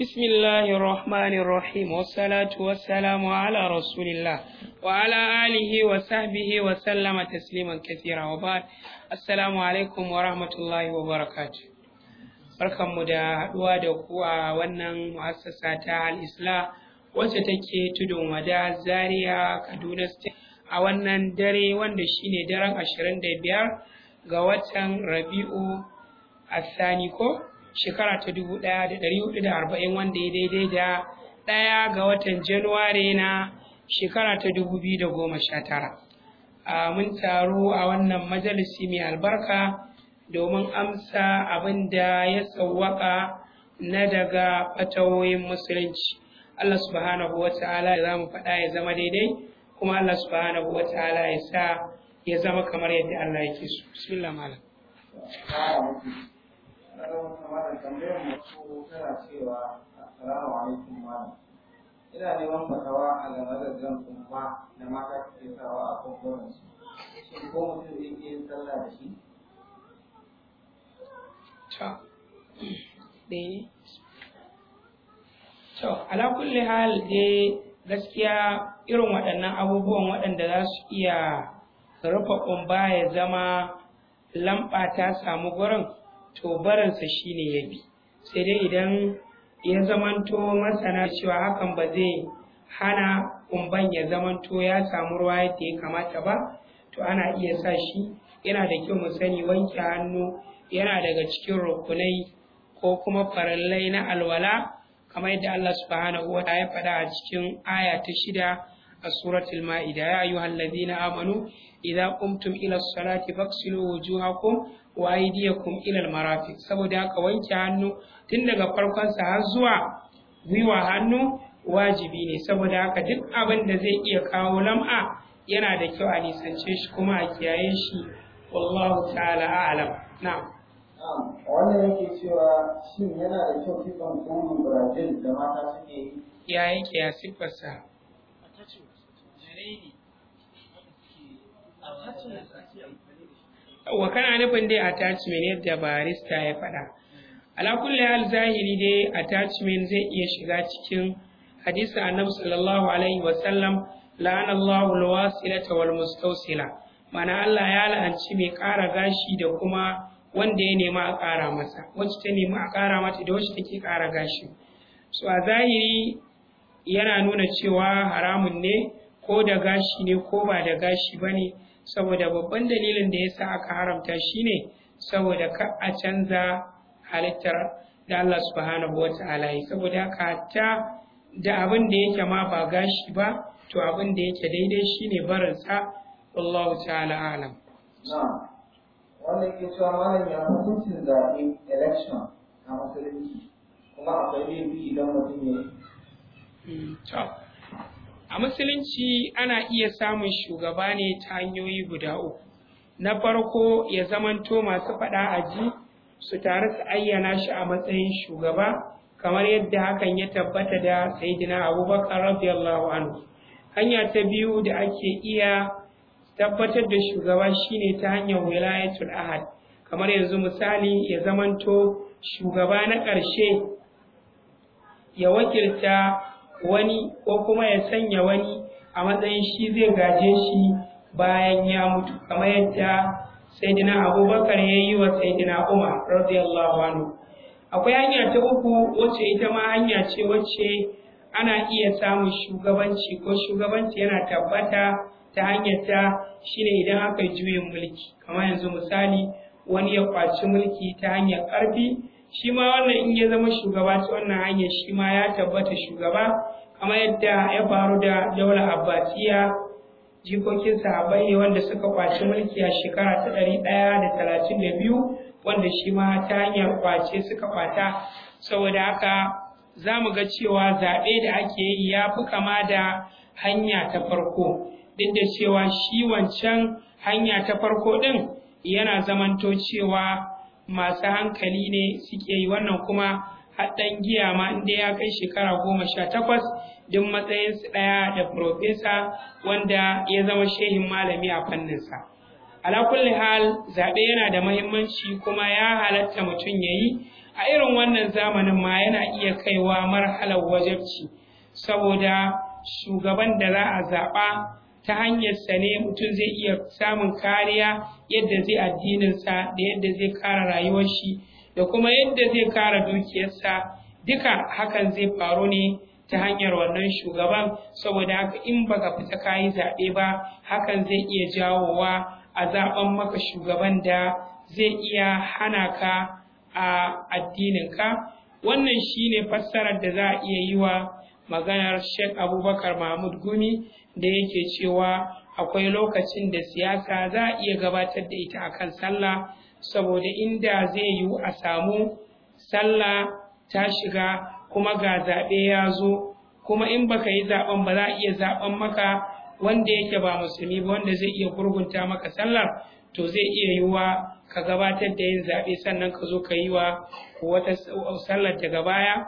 بسم الله الرحمن الرحيم والصلاة والسلام على رسول الله وعلى آله وصحبه وسلم تسليما كثيرا وبعد السلام عليكم ورحمة الله وبركاته barkan mu da haɗuwa da ku a wannan mu'assasa ta al'isla wacce take tudun wada zaria kaduna state a wannan dare wanda shine daren 25 ga watan rabi'u a ko shekara ta dubu ɗaya da da arba'in wanda ya daidai da ɗaya ga watan januwari na shekara ta dubu biyu da goma sha tara Mun taru a wannan majalisi mai albarka domin amsa abin da ya tsawaka na daga fatawoyin musulunci. Allah subhanahu wa ta'ala ya zama faɗa ya zama daidai, kuma Allah subhanahu wa ta'ala ya sa ya zama kamar yadda Allah yake su. Bismillah malam. na ga wata mata tambayar mutu tana cewa assalamu alaikum malam ina neman fatawa a game da jan kumfa da mata suke sawa a kumfunan su shin ko mutum zai iya sallah da shi to ɗaya to ala kulli hal dai gaskiya irin waɗannan abubuwan waɗanda za su iya rufe kumba ya zama lamba ta samu gurin to shi shine ya bi sai dai idan ya zamanto masana cewa hakan ba zai hana kumban ya zamanto ya samu ruwa yadda ya kamata ba to ana iya sa shi yana da kyau mu sani wanke hannu yana daga cikin rukunai ko kuma farallai na alwala kamar yadda Allah subhanahu wa ya faɗa a cikin aya ta shida a suratul ma'ida ya ayyuhal ladina amanu Idan qumtum ila salati faksilu wujuhakum wa aydiyakum ila almarafiq saboda haka wanke hannu tun daga farkon sa har zuwa gwiwa hannu wajibi ne saboda haka duk abin da zai iya kawo lam'a yana da kyau a nisance shi kuma a kiyaye shi wallahu ta'ala a'lam na'am wannan yake cewa shin yana da kyau kifan tsohon brazil da mata suke yi ya ya siffarsa wa kana nufin dai attachment yadda barista ya faɗa ala kulli hal zahiri dai attachment zai iya shiga cikin hadisi annabi sallallahu alaihi wa sallam la'ana Allah alwasilata wal mustawsila mana Allah ya la'anci mai ƙara gashi da kuma wanda ya nema a ƙara masa wacce ta nema a ƙara mata da wacce take ƙara gashi so a zahiri yana nuna cewa haramun ne ko da gashi ne ko ba da gashi bane saboda babban dalilin da yasa aka haramta shine saboda ka a canza halittar da Allah subhanahu wa ta'ala yi saboda ka ta da abin da yake ma ba gashi ba to abin da yake daidai shine barinsa Allah ta'ala alam wannan ke cewa malam ya hukuncin zaɓe election a musulunci kuma akwai laifi idan mutum ya yi hmm, a musulunci ana iya samun shugaba ne ta hanyoyi guda uku na farko ya zamanto masu faɗa aji su tare su ayyana shi a matsayin shugaba kamar yadda hakan ya tabbata da sayidina abubakar radiyallahu anhu hanya ta biyu da ake iya tabbatar da shugaba shine ta hanyar wilayatul ahad kamar yanzu misali ya zamanto shugaba na ƙarshe ya wakilta wani ko kuma ya sanya wani a matsayin shi zai gaje shi bayan ya mutu kamar yadda saidina abubakar ya yi wa saidina umar radiyallahu anhu akwai hanya ta uku wacce ita ma hanya ce wacce ana iya samun shugabanci ko shugabanci yana tabbata ta hanyar ta shine idan aka yi juyin mulki kamar yanzu misali wani ya kwaci mulki ta hanyar ƙarfi shi ma wannan in ya zama shugaba ta wannan hanyar shi ma ya tabbata shugaba kamar yadda ya faru da daula abbasiya jikokin sahabbai wanda suka kwaci mulki a shekara ta ɗari ɗaya da talatin da biyu wanda shi ma ta hanyar kwace suka kwata saboda haka za mu ga cewa zaɓe da ake yi ya fi kama da hanya ta farko duk da cewa shi wancan hanya ta farko ɗin yana zamanto cewa masu hankali ne suke yi wannan kuma haɗan giya ma inda ya kai shekara goma sha takwas duk matsayinsu ɗaya da profesa wanda ya zama shehin malami a fanninsa. Ala kulli hal zaɓe yana da mahimmanci kuma ya halatta mutum ya yi a irin wannan zamanin ma yana iya kaiwa marhalar wajabci saboda shugaban da za a zaɓa ta hanyar sa ne mutum zai iya samun kariya yadda zai addininsa da yadda zai kara rayuwar shi da kuma yadda zai kara dukiyarsa duka hakan zai faru ne ta hanyar wannan shugaban saboda haka in baka fita kayi zaɓe ba hakan zai iya jawowa a zaɓen maka shugaban da zai iya hana ka a addininka wannan shine fassarar da za a iya yi wa maganar shek Abubakar Mahmud Gumi da yake cewa akwai lokacin da siyasa za a iya gabatar da ita akan sallah saboda inda zai yiwu a samu sallah ta shiga kuma ga zaɓe ya zo kuma in baka yi zaɓen ba za a iya zaɓen maka wanda yake ba musulmi ba wanda zai iya gurgunta maka sallar to zai iya yiwuwa ka gabatar da yin zaɓe sannan ka zo ka yi wa wata sallar daga baya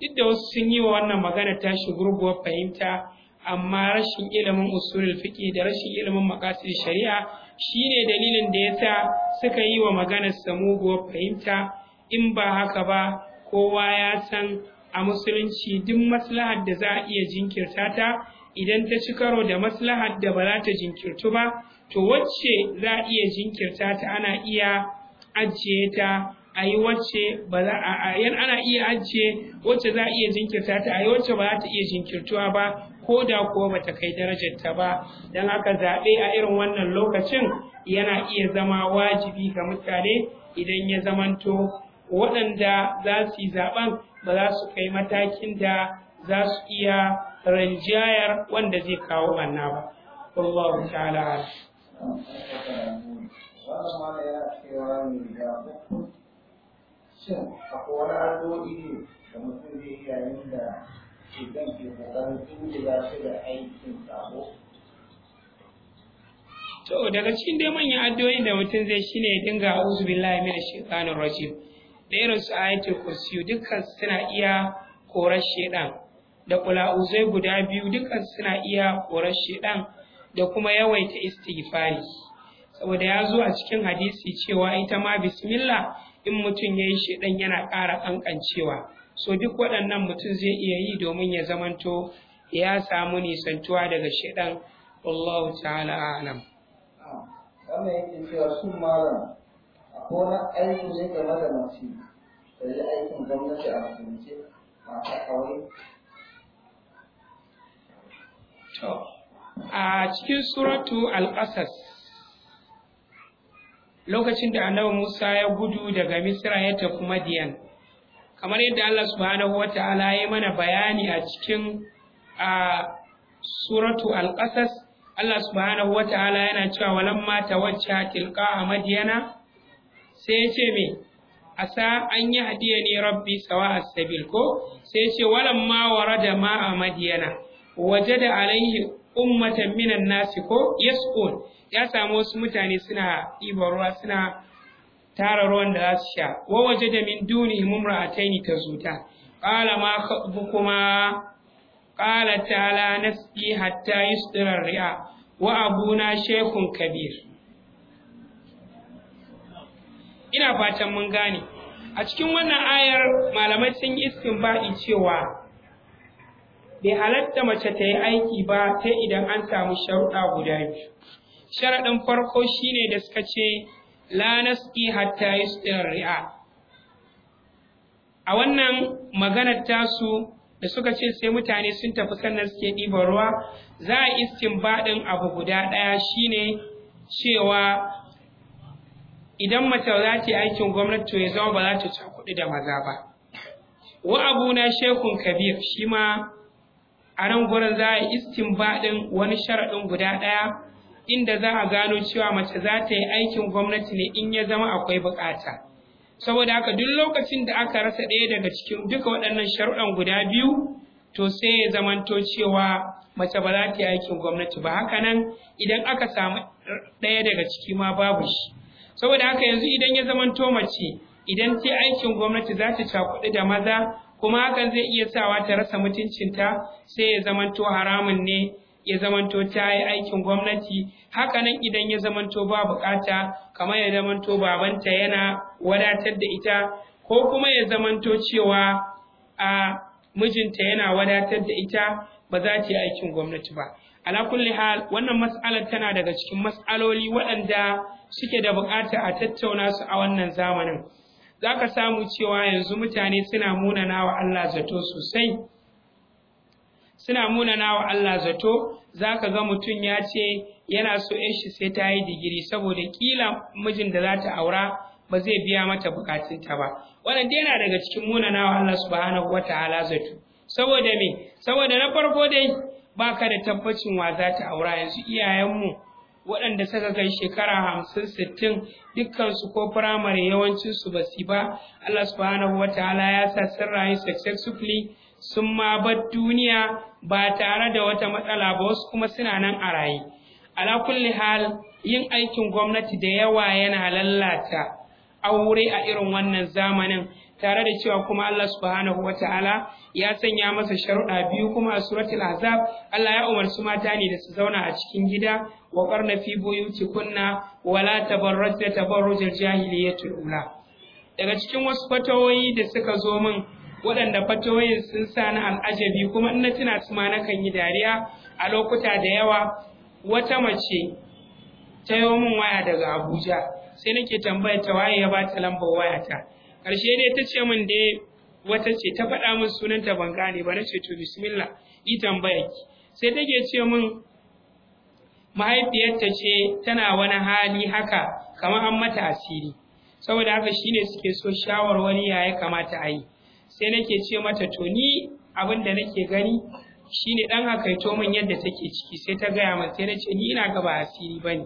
duk da wasu sun yi wa wannan magana tashi gurguwar fahimta amma rashin ilimin usulul fiqi da rashin ilimin maqasid shari'a shine dalilin da yasa suka yi wa maganar go fahimta in ba haka ba kowa ya san a musulunci duk maslahar da za a iya jinkirta ta idan ta ci karo da maslahar da ba za ta jinkirtu ba to wacce za a iya jinkirta ta ana iya ajiye ta a yi wacce ba za a yan ana iya ajiye wacce za a iya jinkirta ta a yi wacce ba za ta iya jinkirtuwa ba ko da kuwa ba ta kai darajar ta ba dan haka zaɓe a irin wannan lokacin yana iya zama wajibi ga mutane idan ya zamanto waɗanda za su yi zaɓen ba za su kai matakin da za su iya rinjayar wanda zai kawo ɓanna ba. Allah ta'ala. wannan ma da ya cewa mai da shin akwai wani addu'o'i ne da mutum zai yi yayin da idan ke kokarin tunjira shi da aikin sabo to daga cikin dai manyan addu'o'in da mutum zai shine ya dinga a'udhu billahi minash shaitanir rajim da irin su ayatul kursi dukkan suna iya korar shedan da uzai guda biyu dukkan suna iya korar shedan da kuma yawaita istighfari saboda ya zo a cikin hadisi cewa ita ma bismillah in mutum ya yi shaidan yana ƙara ƙanƙancewa so duk waɗannan mutum zai iya yi domin ya zamanto ya samu nisantuwa daga shaidan wallahu ta'ala alam wannan yake cewa sun malam a kona aiki zai game da mace da yi aikin gwamnati a mutunce masu kawai to a cikin suratu al-qasas lokacin da annabi Musa ya gudu daga Misra ya tafi Madiyan kamar yadda Allah subhanahu wata'ala ya mana bayani a cikin a suratu al-qasas Allah subhanahu wata'ala yana cewa walamma tawajjaha tilqa Madiyana sai ya ce me asa an yi hadiya ne rabbi sawa sabil ko sai ya ce walamma warada ma a Waje wajada alaihi ummatan minan nasi ko yasqun ya samu wasu mutane suna ɗiban ruwa suna tara ruwan da za su sha wa waje da min duni mumra'ataini tazuta qala ma khabukuma qala ta'ala nasqi hatta yusdira ri'a wa abuna shaykhun kabir ina fatan mun gane a cikin wannan ayar malamai sun yi istinbai cewa bai halatta mace ta yi aiki ba ta idan an samu sharuɗa guda biyu sharaɗin farko shine da suka ce la yi su yusdir ri'a a wannan maganar tasu da suka ce sai mutane sun tafi sannan suke ɗiban ruwa za a baɗin abu guda ɗaya shine cewa idan mace za ta yi aikin gwamnati to ya zama ba za ta kuɗi da maza ba wa abu na shekun kabir shi ma a nan gurin za a yi baɗin wani sharaɗin guda ɗaya inda za a gano cewa mace za ta yi aikin gwamnati ne in ya zama akwai buƙata. saboda haka duk lokacin da aka rasa ɗaya daga cikin duka waɗannan sharuɗan guda biyu to sai ya zamanto cewa mace ba za ta yi aikin gwamnati ba haka nan idan aka samu ɗaya daga ciki ma babu shi saboda haka yanzu idan ya zamanto mace idan ta yi aikin gwamnati za ta cakuɗu da maza kuma hakan zai iya sawa ta rasa mutuncinta sai ya zamanto haramun ne ya zamanto ta yi aikin gwamnati Haka nan idan ya zamanto ba bukata kamar ya zamanto babanta yana wadatar da ita ko kuma ya zamanto cewa a mijinta yana wadatar da ita ba za ta yi aikin gwamnati ba ala kulli hal wannan matsalar tana daga cikin matsaloli waɗanda suke da bukata a tattauna su a wannan zamanin za ka samu cewa yanzu mutane suna munana wa Allah zato sosai suna munana wa Allah zato za ka ga mutum ya ce yana so shi sai ta yi digiri saboda kila mijin da za ta aura ba zai biya mata bukatunta ba wannan dai yana daga cikin munana wa Allah subhanahu wataala zato saboda me saboda na farko dai baka da tabbacin wa za ta aura yanzu iyayenmu waɗanda suka kai shekara hamsin sittin dukkansu ko firamare yawancinsu ba su ba Allah subhanahu wa ta'ala ya sa sun rayu successfully sun ma bar duniya ba tare da wata matsala ba wasu kuma suna nan a raye ala kulli hal yin aikin gwamnati da yawa yana lallata aure a irin wannan zamanin tare da cewa kuma Allah subhanahu wa ta'ala ya sanya masa sharuɗa biyu kuma a suratul azab Allah ya umarci mata ne da su zauna a cikin gida wa qarna fi buyutikunna wa la tabarrajna tabarrujal jahiliyatul ula daga cikin wasu fatawoyi da suka zo min waɗanda fatawoyin sun sa na al'ajabi kuma ina na tuna su ma nakan yi dariya a lokuta da yawa wata mace ta yi min waya daga Abuja sai nake tambayar ta waye ya ba ta lambar wayata Karshe dai ta ce min da wata ce ta faɗa min sunanta ban gane ba na ce to bismillah yi tambaya ki sai take ce min mahaifiyarta ce tana wani hali haka kamar an mata asiri saboda haka shine suke so shawarwari ya ya kamata a yi sai nake ce mata to ni abin da nake gani shine dan ito min yadda take ciki sai ta gaya min sai nace ni ina ga ba asiri bane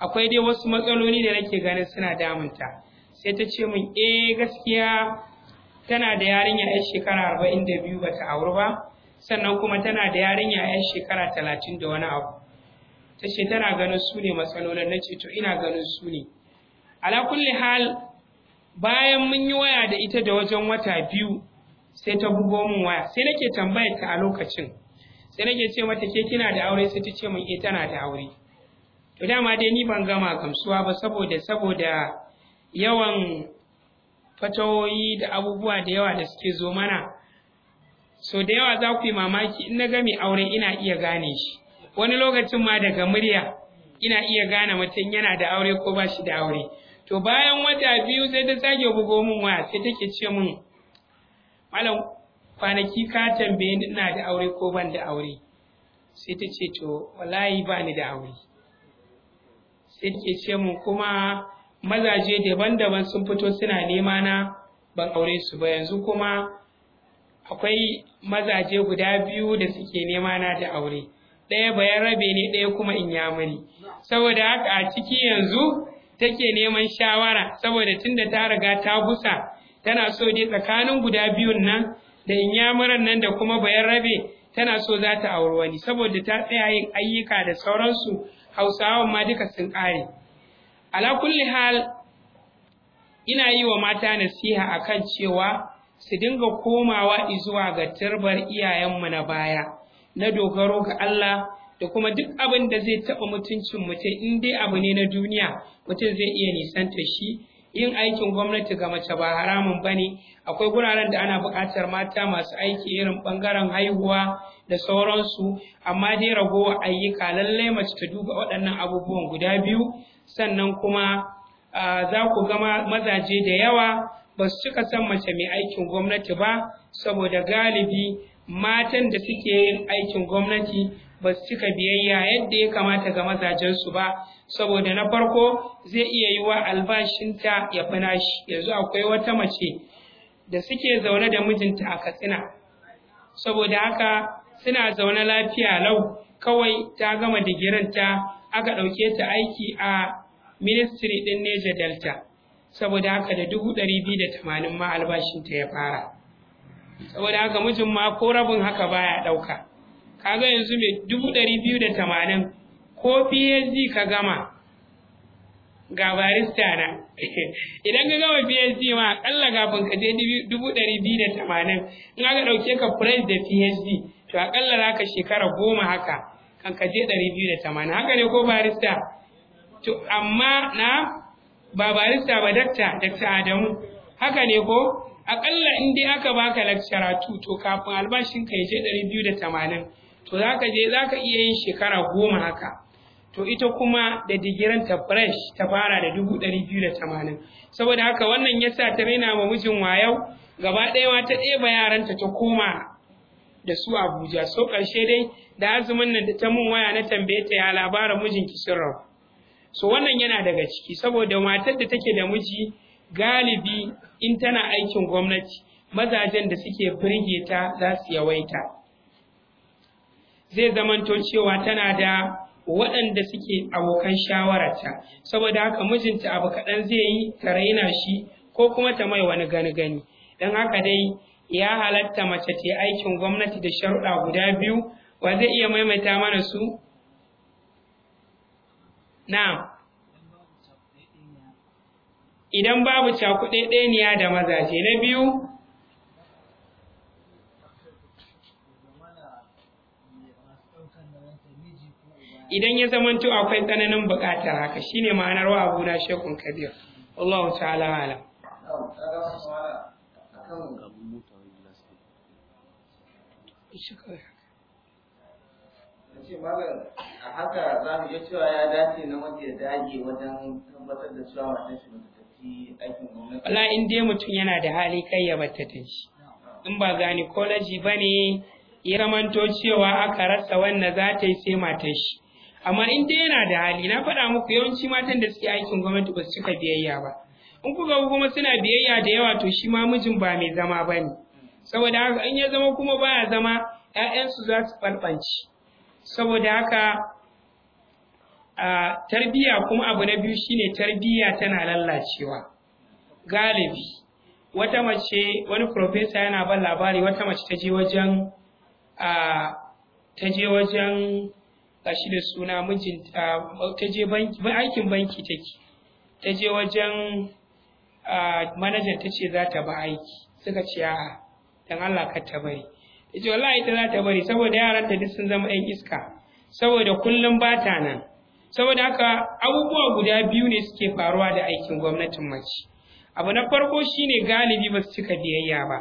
akwai dai wasu matsaloli da nake ganin suna damunta sai ta ce min eh gaskiya tana da yarinya yar shekara arba'in da biyu bata auri ba sannan kuma tana da yarinya yar shekara talatin da wani abu ta ce tana ganin su ne matsalolin na ce to ina ganin su ne ala kulli hal bayan mun yi waya da ita da wajen wata biyu sai ta bugo min waya sai nake tambayar ta a lokacin sai nake ce mata ke kina da aure sai ta ce min eh tana da aure to dama dai ni ban gama gamsuwa ba saboda saboda yawan fatawoyi da abubuwa da yawa da suke zo mana so da yawa za ku yi mamaki in na ga mai aure ina iya gane shi wani lokacin ma daga murya ina iya gane mutum yana da aure ko ba shi da aure to bayan wata biyu sai ta sake bugo min waya sai take ce min malam kwanaki ka tambaye ni ina da aure ko ban da aure sai ta ce to wallahi ba ni da aure sai take ce min kuma mazaje daban-daban sun fito suna nema na ban aure su ba yanzu kuma akwai mazaje guda biyu da suke nema na da aure ɗaya bayan rabe ne ɗaya kuma in muni, saboda haka a ciki yanzu take neman shawara saboda tunda ta riga ta busa tana so dai tsakanin guda biyun nan da in yamuran nan da kuma bayan rabe tana so za ta auri wani saboda ta tsaya yin ayyuka da sauransu hausawan ma duka sun ƙare ala kulli hal ina yi wa mata nasiha akan cewa su dinga komawa zuwa ga tarbar iyayenmu na baya na dogaro ga Allah da kuma duk abin da zai taɓa mutuncin mutum in dai abu ne na duniya mutum zai iya nisanta shi yin aikin gwamnati ga mace ba haramun ba ne akwai guraren da ana buƙatar mata masu aiki irin ɓangaren haihuwa da sauransu amma dai ragowa ayyuka lallai mace ta duba waɗannan abubuwan guda biyu sannan kuma za ku gama mazaje da yawa ba su cika son mace mai aikin gwamnati ba saboda galibi matan da suke yin aikin gwamnati ba su cika biyayya yadda ya kamata ga mazajensu ba saboda na farko zai iya yi wa albashinta ya fi nashi yanzu akwai wata mace da suke zaune da mijinta a katsina saboda haka suna zaune lafiya lau kawai ta gama digirinta aka ɗauke ta aiki a ministry ɗin Neja Delta saboda haka da dubu ɗari biyu da tamanin ma albashinta ya fara saboda haka mijin ma ko rabin haka baya ɗauka kaga yanzu mai dubu ɗari biyu da tamanin ko PSD ka gama ga barista na idan ka gama PSD ma aƙalla kafin ka je dubu ɗari biyu da tamanin in aka ɗauke ka fresh da PSD to aƙalla za ka shekara goma haka kan kaje 280 haka ne ko barista to amma na ba barista ba dakta dakta Adamu haka ne ko akalla in dai aka baka lecturer tu to kafin albashin ka je 280 to zaka je zaka iya yin shekara goma haka to ita kuma da digiran ta fresh ta fara da 280 saboda haka wannan yasa ta raina ma mijin wayau gaba ɗaya ma ta ɗeba yaranta ta koma da su Abuja so ƙarshe dai da azumin nan da ta mun waya na tambaye ta ya labarin mijinki sun so wannan yana daga ciki saboda matar da take da miji galibi in tana aikin gwamnati mazajen da suke birge ta za su yawaita zai zamanto cewa tana da waɗanda suke abokan shawararta saboda haka mijinta abu kaɗan zai yi ta raina shi ko kuma ta mai wani gani gani don haka dai ya halatta mace ta aikin gwamnati da sharuɗa guda biyu wa zai iya maimaita mana su na'am idan babu ɗaya da mazaje na biyu idan ya zamanto akwai tsananin buƙatar haka shine ma'anar wa abu na shekun kabir Allah ce malam a haka za mu iya cewa ya dace na wanda ya dage wajen tabbatar da cewa matan shi bata tafi aikin gwamnati. Wala in dai mutum yana da hali kai ya bata shi. In ba kolaji ba ne ya cewa aka rasa wannan za ta yi sai matan shi. Amma in dai yana da hali na faɗa muku yawanci matan da suke aikin gwamnati ba su cika biyayya ba. In kuka kuma suna biyayya da yawa to shi ma mijin ba mai zama ba ne. Saboda haka in ya zama kuma baya zama ‘ya'yansu za su farfanci. saboda haka a tarbiya kuma abu na biyu shine tarbiya tana lallacewa galibi wata mace wani profesa yana ban labari wata mace ta je wajen a ta wajen gashi da suna mijin ta je banki aikin banki take ta je wajen manajan ta ce za ta ba aiki suka ce a'a dan Allah ka ta bari yace wallahi ita za ta bari saboda yaran ta duk sun zama ɗan iska saboda kullum ba ta nan saboda haka abubuwa guda biyu ne suke faruwa da aikin gwamnatin mace abu na farko shine galibi ba su cika biyayya ba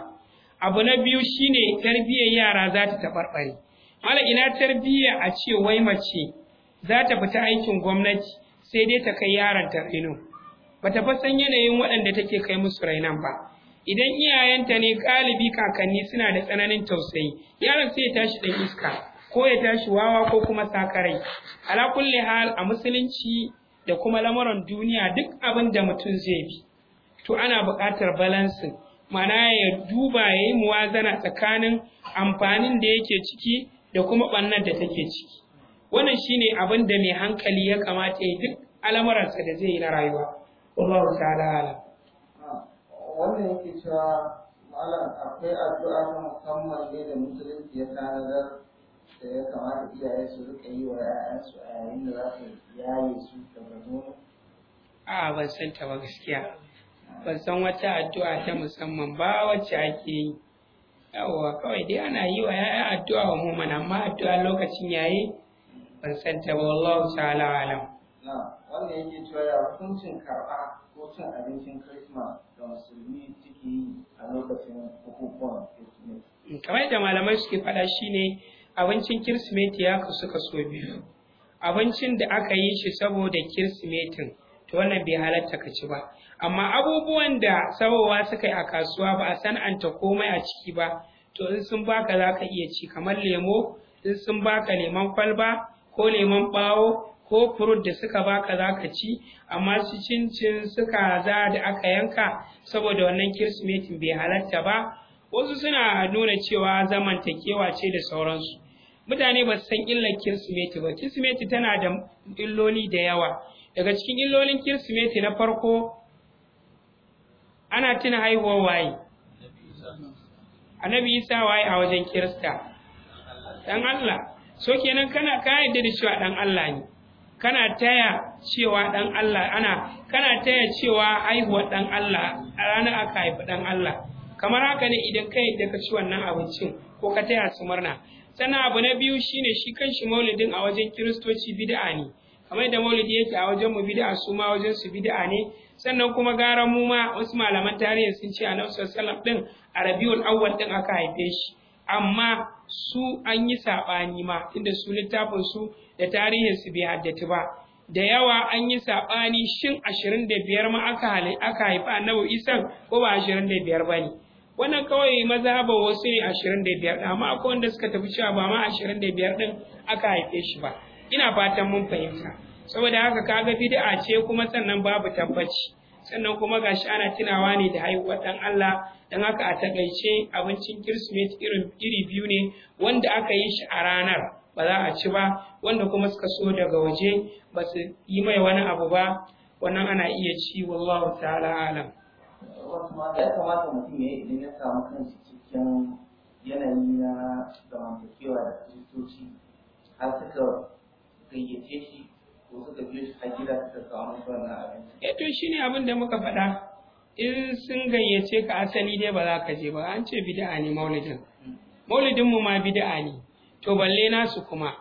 abu na biyu shine tarbiyyar yara za ta taɓarɓare mala ina tarbiyya a ce wai mace za ta fita aikin gwamnati sai dai ta kai yaranta ta ba ta fa san yanayin waɗanda take kai musu rainon ba idan iyayenta ne galibi kakanni suna da tsananin tausayi yaron sai ya tashi ɗan iska ko ya tashi wawa ko kuma sakarai ala kulli hal a musulunci da kuma lamuran duniya duk abin da mutum zai bi to ana buƙatar balansin ma'ana ya duba ya yi muwazana tsakanin amfanin da yake ciki da kuma ɓannar da take ciki wannan shine abin da mai hankali ya kamata ya duk al'amuransa da zai yi na rayuwa wallahu ta'ala wannan yake cewa malam akwai addu'a ta musamman ne da musulunci ya tanadar da ya kamata iyaye su rika yi wa 'ya'yansu a yayin da za su yaye su daga nono? A'a ban san ta ba gaskiya. Ban san wata addu'a ta musamman ba wacce ake yi. Yawwa kawai dai ana yi wa 'ya'ya addu'a wa mumin amma addu'a lokacin yayi ban san ta ba wallahu ta'ala alam. Na wannan yake cewa ya hukuncin karɓa ko abincin da musulmi suke yi a lokacin bukukuwan Kamar da malamai suke faɗa shine abincin Kirsimeti ya kasu kaso biyu. Abincin da aka yi shi saboda Kirsimetin to wannan bai halatta ka ci ba. Amma abubuwan da sabowa suka yi a kasuwa ba a san'anta komai a ciki ba to in sun baka za ka iya ci kamar lemo in sun baka lemon kwalba ko lemon ɓawo ko furut da suka baka za ka ci amma su cincin suka za da aka yanka saboda wannan Kirsimeti bai halarta ba wasu suna nuna cewa zamantakewa ce da sauransu mutane ba su san illar kirsimeti ba kirsimeti tana da illoli da yawa daga cikin illolin kirsimeti na farko ana tuna haihuwar waye annabi isa waye a wajen kirista dan allah so kenan kana ka yarda da cewa dan allah ne kana taya cewa dan Allah ana kana taya cewa haihuwar dan Allah a ranar aka haifi dan Allah kamar haka ne idan kai da ka ci wannan abincin ko ka taya su murna sannan abu na biyu shine shi kan shi maulidin a wajen kiristoci bid'a ne kamar da maulidi yake a wajen mu bid'a su ma wajen su bid'a ne sannan kuma gara mu ma wasu malaman tarihi sun ce annabi sallallahu alaihi wasallam din a awwal din aka haife shi amma su an yi saɓani ma inda su littafin su da tarihin su bai haddace ba da yawa an yi saɓani shin ashirin da biyar ma aka aka haifi annabi isan ko ba ashirin da biyar ba ne wannan kawai mazhaban wasu ne ashirin da biyar amma akwai wanda suka tafi cewa ba ma ashirin da biyar ɗin aka haife shi ba ina fatan mun fahimta saboda haka kaga bid'a ce kuma sannan babu tabbaci sannan kuma ga shi ana tunawa ne da haihuwar dan Allah dan haka a takaice abincin Kirsimeti irin iri biyu ne wanda aka yi shi a ranar ba za a ci ba wanda kuma suka so daga waje ba su yi mai wani abu ba wannan ana iya ci wallahu ta'ala alam ya kamata mutum yanayi na zamantakewa da kristoci har suka gayyace shi Eh to ne abin da muka faɗa in sun gayyace ka asali dai ba za ka je ba an ce bi ne maulidin Maulidinmu ma bi ne to balle nasu kuma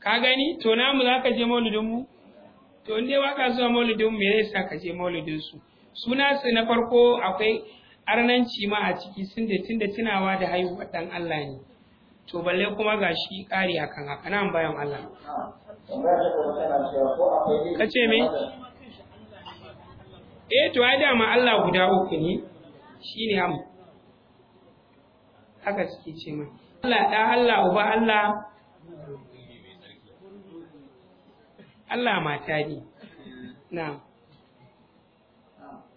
ka gani to namu za ka je maulidinmu? to in dai waka zuwa maulidin mu me yasa ka je maulidinsu. suna su na farko akwai arnanci ma a ciki sun da tunawa da haihuwar ɗan Allah ne to balle kuma ga shi ƙari a kan haka nan bayan Allah ka ce me eh to ai dama Allah guda uku ne shi ne am haka suke ce mai Allah da Allah uba Allah Allah mata ne na'am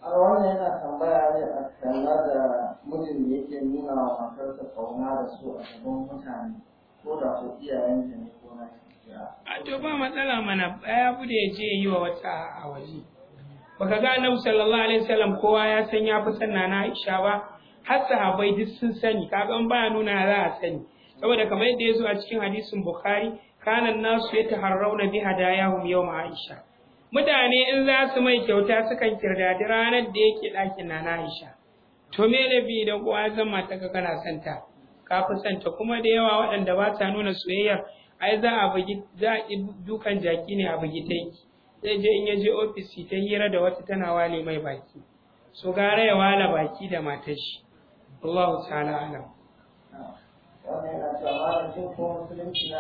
a wannan yana tambaya ne a kalla da mijin da yake nuna wa matarsa kauna da su a gaban mutane ko da ko iyayenta ne ko na shi a to ba matsala mana ya bude ya je yi wa wata a waje baka ga annabi sallallahu alaihi wasallam kowa ya san ya fi sanna na Aisha ba har sahabbai duk sun sani kaga ba nuna za a sani saboda kamar yadda ya zo a cikin hadisin Bukhari kana nasu yataharrauna bi hadayahum yawma Aisha mutane in za su mai kyauta sukan kirdadi ranar da yake ɗakin na Aisha to me da kowa zan mata ka kana santa ka fi santa kuma da yawa waɗanda ba ta nuna soyayya ai za a bugi za dukan jaki ne a bugi ta yi. zai je in ya je ofis ta hira da wata tana wale mai baki so gara ya wala baki da matar shi Allah ta'ala alam wannan yana cewa malamin ko musulunci na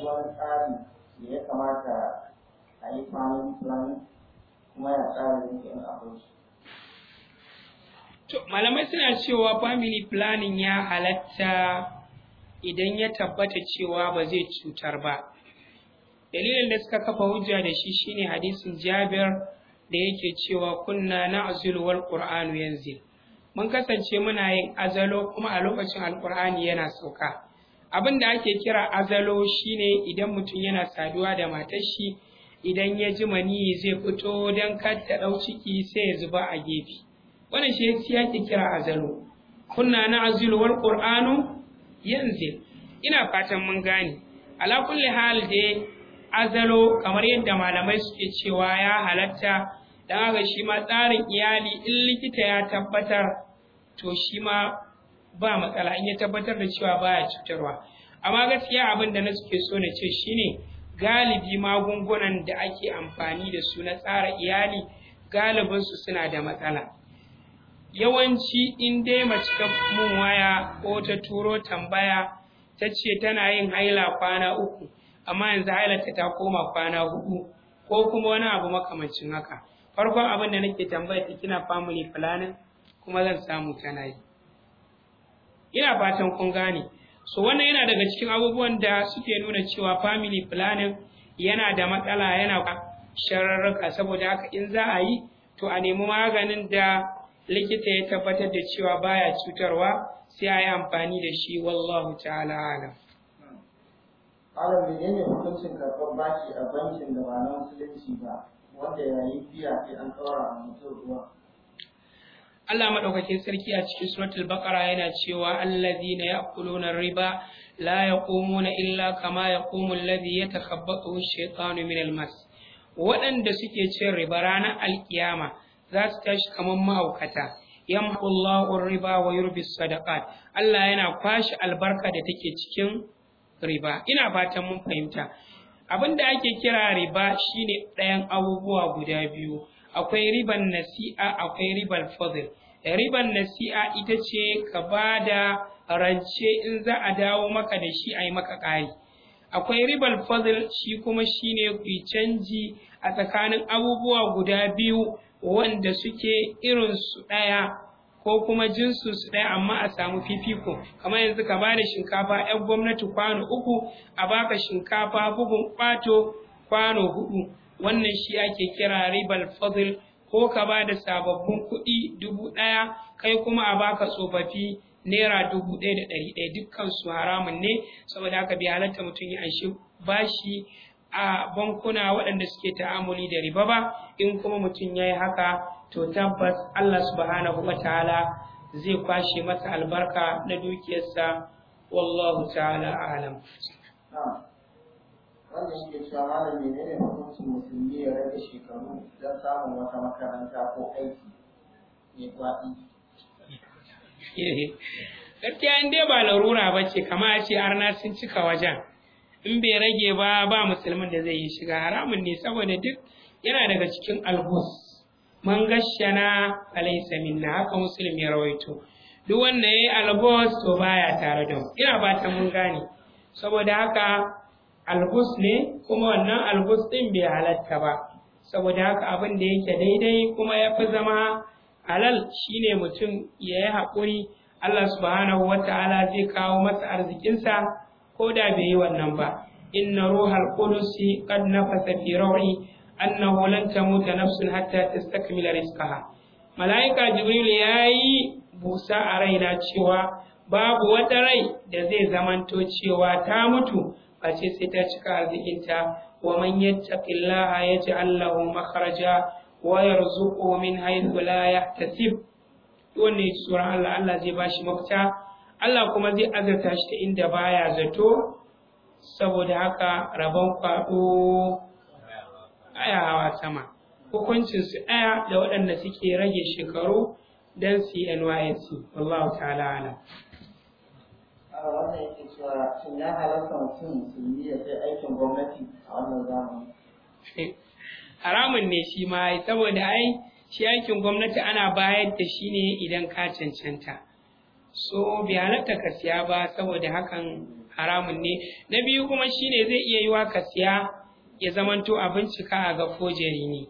wani tsari ya kamata kuma ya tsara To, malamai suna cewa family planning ya halatta idan ya tabbata cewa ba zai cutar ba. Dalilin da suka kafa hujja da shi shine hadisin Jabir da yake cewa kunna na azulwar Qur'anu yanzu. Mun kasance muna yin azalo kuma a lokacin Alƙur'ani yana sauka. Abin da ake kira azalo shine idan mutum yana saduwa da matar shi idan ya ji maniyi zai fito don kar ɗau ciki sai ya zuba a gefe wannan shi ya ke kira azalo kunna na azulwar qur'anu ina fatan mun gane ala kulli hal dai azalo kamar yadda malamai suke cewa ya halatta dan haka shi ma tsarin iyali in likita ya tabbatar to shi ma ba matsala in ya tabbatar da cewa baya cutarwa amma gaskiya abin da na suke so na ce shine galibi magungunan da ake amfani da su na tsara iyali galibinsu suna da matsala yawanci in dai mace ta mun waya ko ta turo tambaya ta ce tana yin haila kwana uku amma yanzu hailarta ta koma kwana hudu ko kuma wani abu makamancin haka farkon abin da nake tambaya ta kina family planning kuma zan samu tana yi ina fatan kun gane so wannan yana daga cikin abubuwan da suke nuna cewa family planning yana da matsala yana shararraka saboda haka in za a yi to a nemi maganin da likita ya tabbatar da cewa baya cutarwa sai a yi amfani da shi wallahu ta'ala alam ne hukuncin karɓar baki a bankin da ba na musulunci ba wanda yayi biya sai an a mutum ruwa Allah madaukakin sarki a cikin suratul baqara yana cewa allazina ya'kuluna riba la yaqumuna illa kama yaqumu alladhi yatakhabbathu ash-shaytanu min al-mas waɗanda suke cin riba ranar alkiyama za su tashi kamar mahaukata yamhu riba wa yurbi sadaqat Allah yana kwashi albarka da take cikin riba ina fatan mun fahimta abin da ake kira riba shine ɗayan abubuwa guda biyu akwai riban nasi'a akwai riban fadl riban nasi'a ita ce ka ba da rance in za a dawo maka da shi a yi maka ƙari akwai riban fadl shi kuma shine ku canji a tsakanin abubuwa guda biyu wanda suke irin su ɗaya ko kuma jinsu su ɗaya amma a samu fifiko kamar yanzu ka ba da shinkafa 'yan gwamnati kwano uku a baka shinkafa bugun ɓato kwano hudu wannan shi ake kira ribal fadl ko ka ba da sababbin kuɗi dubu ɗaya kai kuma a baka tsofaffi naira dubu ɗaya da ɗari ɗaya dukkan su haramun ne saboda haka bai halatta mutum ya anshi bashi a bankuna waɗanda suke ta'amuli da riba ba in kuma mutum ya yi haka to tabbas Allah subhanahu wa ta'ala zai kwashe masa albarka na dukiyarsa wallahu ta'ala alam. wanda shi cewa malam menene hukuncin musulmi ya rage shekaru don samun wata makaranta ko aiki mai kwaɗi. Gaskiya in dai ba larura ba ce kama a ce arna sun cika wajen in bai rage ba ba musulmin da zai yi shiga haramun ne saboda duk yana daga cikin alhus man gashana alaysa minna haka musulmi ya rawaito duk wanda yayi albos to baya tare da mu ina ta mun gane saboda haka algus ne kuma wannan algus ɗin bai halatta ba saboda haka abin da yake daidai kuma ya fi zama halal shine mutum ya yi haƙuri Allah subhanahu wa ta'ala zai kawo masa arzikinsa ko da bai yi wannan ba inna ruhal qudusi qad nafasa fi ruhi annahu lan tamuta nafsun hatta tastakmila rizqaha malaika jibril yayi busa a raina cewa babu wata rai da zai zamanto cewa ta mutu face sai ta cika arzikinta wa man yattaqillaha yaj'al lahu makhraja wa yarzuquhu min haythu la yahtasib wanda ne Allah Allah zai bashi mafita Allah kuma zai azurta shi ta inda baya zato saboda haka rabon kwaɗo ayawa sama sama su ɗaya da waɗanda suke rage shekaru don CNYC? Allahu wallahu ta'ala haramun ne shi ma saboda ai shi aikin gwamnati ana bayar da shi ne idan ka cancanta so bai halatta ka siya ba saboda hakan haramun ne na biyu kuma shi ne zai iya yiwa ka siya ya zamanto a bincika a ga fojeri ne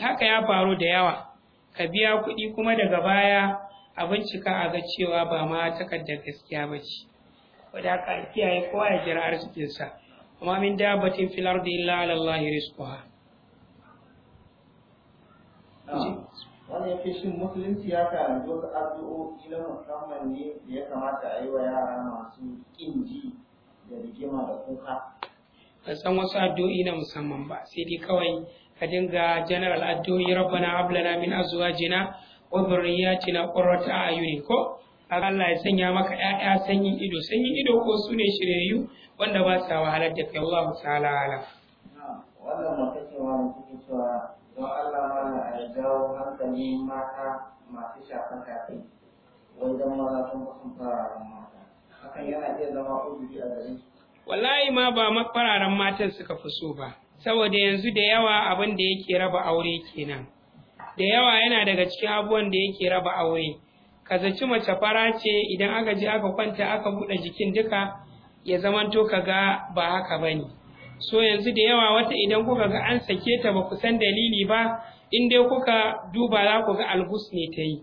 haka ya faru da yawa ka biya kuɗi kuma daga baya a bincika a ga cewa ba ma takardar gaskiya ba ce wadda aka kiyaye kowa ya jira arzikinsa kuma min dabbatin fil ardi illa ala allahi rizquha wani ya shin musulunci ya karanci wasu addu'o na musamman ne da ya kamata a yi wa yara masu ƙin ji da rigima da kuka ban san wasu addu'o'i na musamman ba sai dai kawai ka dinga general addu'o'i rabbana hab min azwajina wa dhurriyyatina qurrata a'yunin ko kaga Allah ya sanya maka ƴaƴa sanyin ido sanyin ido ko su ne shiryayyu wanda ba sa wahalar da kai Allah ta'ala ala wannan mata cewa da suke cewa don Allah mana a jawo hankali mata masu shafan kafi wajen maza sun kusan fararen mata hakan yana iya zama ujubi a gare wallahi ma ba fararen matan suka fi so ba saboda yanzu da yawa abin da yake raba aure kenan da yawa yana daga cikin abubuwan da yake raba aure ka zaci mace fara ce idan aka je aka kwanta aka buɗe jikin duka ya zamanto ka ga ba haka ba ne so yanzu da yawa wata idan kuka ga an sake ta ba ku san dalili ba in dai kuka duba za ku ga algus ne ta yi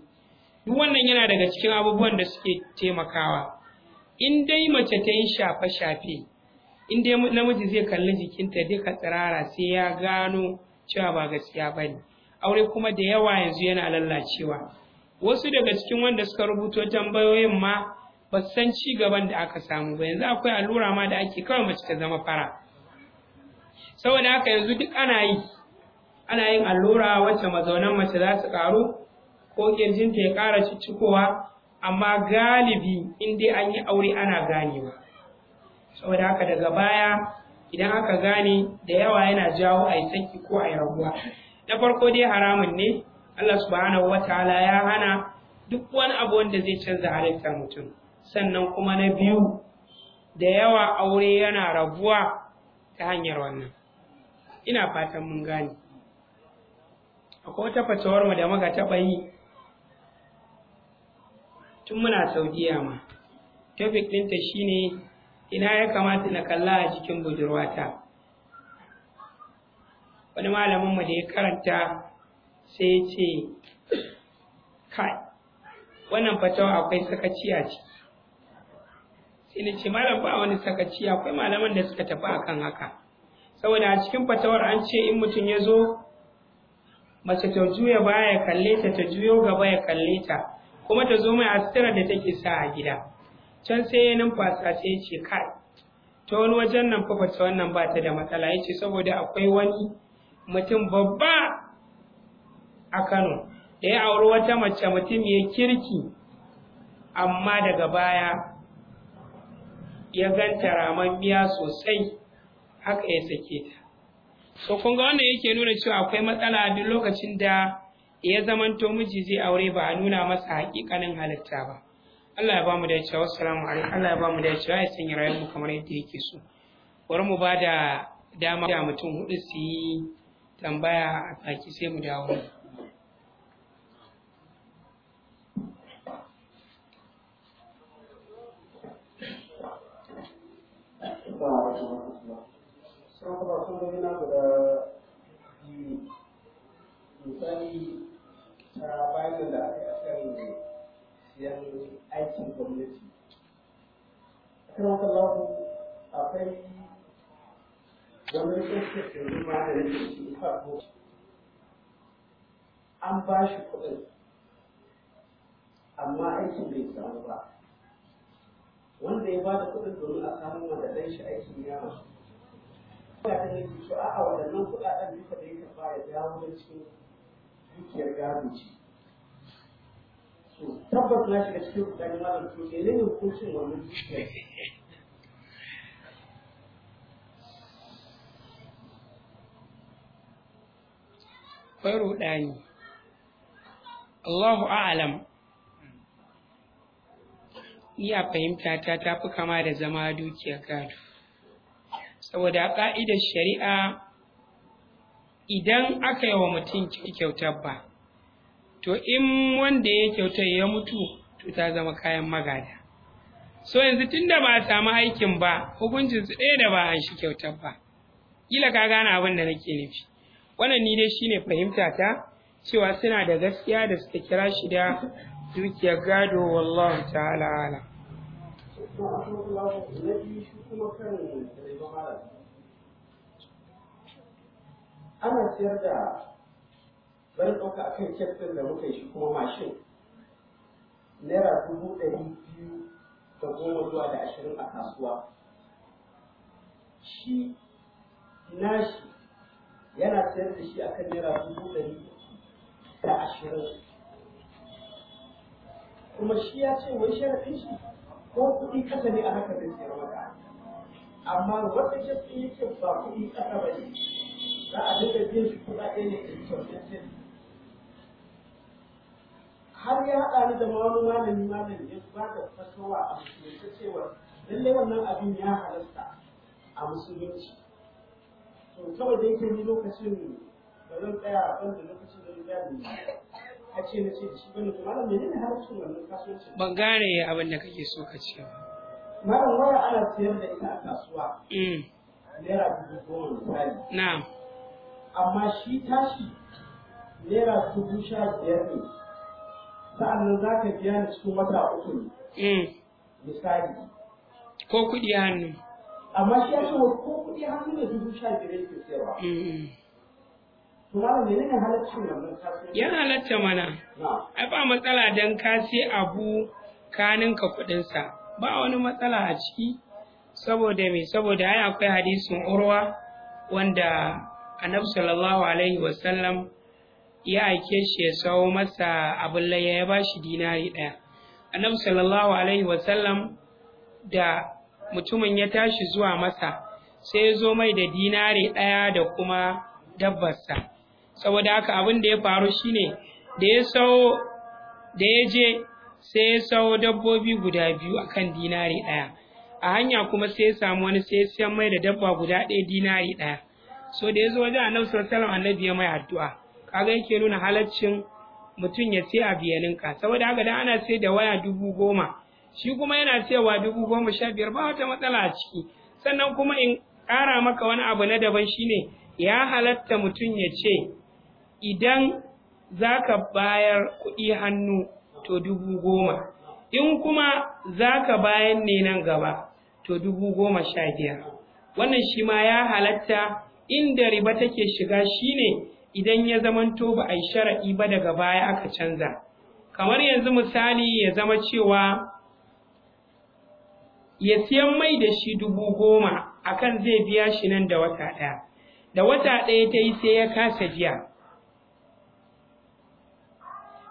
duk wannan yana daga cikin abubuwan da suke taimakawa in dai mace ta yi shafe-shafe in dai namiji zai kalli jikinta duka tsirara sai ya gano cewa ba gaskiya ba ne aure kuma da yawa yanzu yana lallacewa wasu daga cikin wanda suka rubuto tambayoyin ma ba san ci gaban da aka samu ba yanzu akwai allura ma da ake kawai mace ta zama fara saboda haka yanzu duk ana yi ana yin allura wacce mazaunan mace za su karu ko kirjinta ya kara cicikowa amma galibi in dai an yi aure ana ganewa saboda haka daga baya idan aka gane da yawa yana jawo a yi saki ko a yi rabuwa na farko dai haramun ne Allah subhanahu ta'ala ya hana duk wani abu wanda zai canza halittar mutum sannan kuma na biyu da yawa aure yana rabuwa ta hanyar wannan ina fatan mun gane akwai wata fatawar mu da muka taɓa yi tun muna saudiya ma topic ɗinta shine ina ya kamata na kalla a cikin budurwata wani malamin mu da ya karanta sai ce kai wannan fatawa akwai sakaci a ciki sai na ce malam ba wani sakaci akwai malaman da suka tafi akan haka saboda a cikin fatawar an ce in mutum ya zo mace ta juya baya ya kalle ta ta juyo gaba ya kalle ta kuma ta zo mai asirar da take sa a gida can sai ya numfasa sai ya ce kai ta wani wajen nan fa wannan ba ta da matsala ya ce saboda akwai wani mutum babba a Kano da ya auri wata mace mutum ya kirki amma daga baya ya ganta biya sosai haka ya sake ta so kun ga wannan yake nuna cewa akwai matsala duk lokacin da ya zamanto miji zai aure ba a nuna masa hakikanin halitta ba Allah ya ba mu da cewa salamu alaikum Allah ya mu da cewa ya sanya rayuwar mu kamar yadda yake so bari mu ba da dama da mutum hudu su yi tambaya a tsaki sai mu dawo Sun kuma ta bayan da aka yi siyan aikin gwamnati. Akan akwai gwamnatin suka da yake ba shi kuɗin amma aikin bai samu ba. wanda ya ba da kuɗin domin a samu wanda ɗan shi aikin ya masu ya ta yi su a'a waɗannan kuɗaɗen duka da ya karɓa ya dawo da cikin dukiyar gado ce tabbas na shiga cikin rudani malam to ne ne hukuncin wannan dukiyar Kwai ruɗani, Allahu a'alam ni a fahimta ta fi kama da zama dukiya gado saboda ƙa'idar shari'a idan aka yi wa mutum kyautar ba to in wanda ya kyautar ya mutu to ta zama kayan magada so yanzu da ba a samu aikin ba hukuncin su ɗaya da ba an shi kyautar ba Gila ka gane abin da nake nufi wannan ni dai shine fahimta ta cewa suna da gaskiya da suka kira shi da dukiyar gado wallahu ta'ala ana siyar da bari ɗauka a kan kek da muka yi shi kuma mashin naira dubu ɗari biyu da goma zuwa da ashirin a kasuwa shi nashi yana siyar da shi a kan naira dubu ɗari da ashirin kuma shi ya ce wai sharafin shi ko kuɗi kasa ne a haka da ke rawa amma wanda shafi ce ba kuɗi kasa ba ne za a dinga biyan shi kuɗaɗe ne da ce har ya haɗa ni da wani malami malami ya ba da fasowa a musulunci cewa lallai wannan abin ya halasta a musulunci to kawai da yake ni lokacin da zan tsaya ban da lokacin da zan tsaya da ban gane abin da kake so ka ce malam waya ana siyar da ita a kasuwa mm. naira dubu goma na'am amma shi tashi naira dubu sha biyar ne za ka biya ni cikin wata uku ne mm. misali ko kuɗi hannu amma shi ya ce ko kuɗi hannu dubu sha biyar ke Yan halatta mana, ai ba matsala don ka sai abu ka ninka kuɗinsa, ba wani matsala a ciki, saboda me saboda ai akwai hadisin urwa wanda annabi sallallahu alaihi wasallam ya aike shi ya sawo masa abin laye ya ba shi dinari ɗaya. Annabi sallallahu alaihi wasallam da mutumin ya tashi zuwa masa sai ya zo mai da dinari ɗaya da kuma dabbarsa. saboda haka abin da ya faru shine da ya da ya je sai ya sau dabbobi guda biyu kan dinari ɗaya a hanya kuma sai ya samu wani sai ya mai da dabba guda ɗaya dinari ɗaya so da ya zo wajen annabi sallallahu alaihi annabi ya mai addu'a kaga yake nuna halaccin mutum ya sai a biyaninka saboda haka dan ana sai da waya dubu goma shi kuma yana cewa dubu goma sha biyar ba wata matsala a ciki sannan kuma in ƙara maka wani abu na daban shine ya halatta mutum ya ce idan za ka bayar kuɗi hannu to dubu goma in kuma za ka bayan ne nan gaba to dubu goma sha biyar wannan shi ma ya halatta inda riba take shiga shine idan ya zamanto ba a yi shara'i ba daga baya aka canza kamar yanzu misali ya zama cewa ya siyan mai da shi dubu goma akan zai biya shi nan da wata ɗaya da wata ɗaya ta yi sai ya kasa biya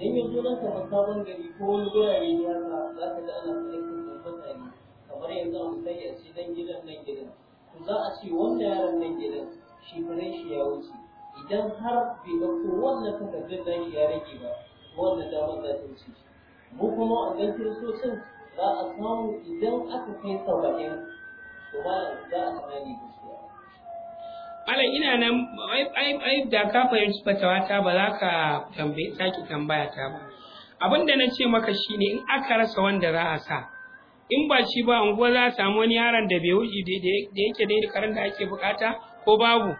idan yanzu na samu sabon gari ko wani wurare ne za ka ga ana sanin mutane kamar yanzu a misali a gidan nan gidan to za a ce wanda yaron nan gidan shi farai shi ya wuce idan har bai ɗauko wannan takardun da ya rage ba wannan damar za ta wuce mu kuma ɗan kiristocin za a samu idan aka kai saba'in to ba za a tsanani ba Allah ina nan ai da ka fahimci fatawa ta ba za ka tambaye saki tambaya ta ba. Abin da na ce maka shine in aka rasa wanda za a sa in ba shi ba unguwa za a samu wani yaron da bai wuce da yake da karin da ake bukata ko babu.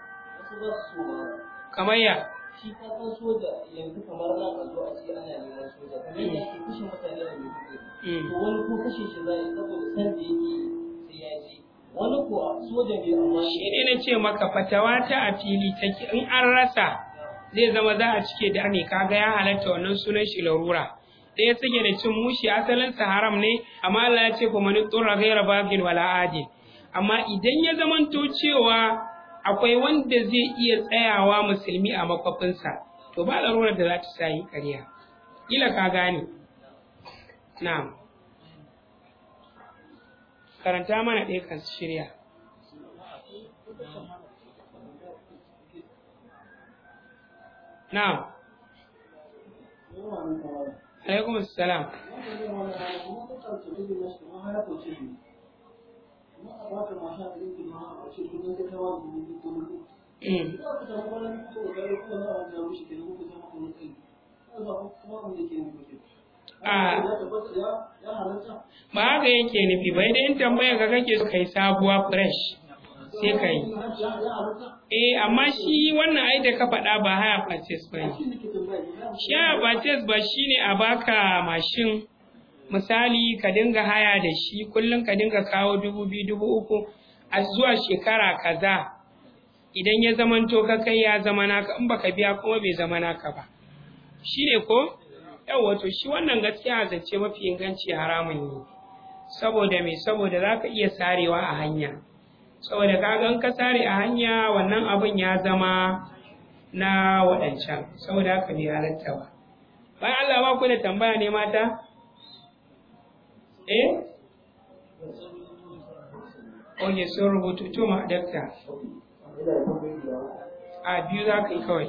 Kamar ya. Shi ka san soja yanzu kamar nan a zo a ce ana neman soja kamar ya ke kushin mutane da mai kuɗi. Mm. To wani ko kashe shi za a yi saboda san da yake sai ya je. shi ne na ce maka fatawa ta a fili take in an rasa zai zama za a cike da ne kaga ya halatta wannan sunan shi larura ya take da cin mushi asalinsa haram ne amma Allah ya ce ku mani tsurra gaira wala adin amma idan ya zamanto cewa akwai wanda zai iya tsayawa musulmi a makwafinsa to ba larurar da za ta sa yi ƙarya kila ka gane na'am karanta mana ɗaya kan shirya na'am alaikum assalam a ah. ba haka yake nufi ba idan tambayar ga kake su kai sabuwa fresh sai ka yi eh amma shi wannan ai da ka faɗa ba haya purchase ba ne shi haya purchase ba shi ne a baka mashin misali ka dinga haya da shi kullum ka dinga kawo dubu biyu dubu uku a zuwa shekara kaza idan ya zamanto ka kai ya zama naka in baka biya kuma bai zama naka ba shi ne ko yawa to shi wannan gaskiya zance mafi inganci haramun ne saboda me saboda za ka iya sarewa a hanya saboda kagan ka sare a hanya wannan abin ya zama na waɗancan saboda haka ne halatta ba bayan Allah ba ku da tambaya ne mata eh Oye sun rubutu to ma dakta a biyu za ka yi kawai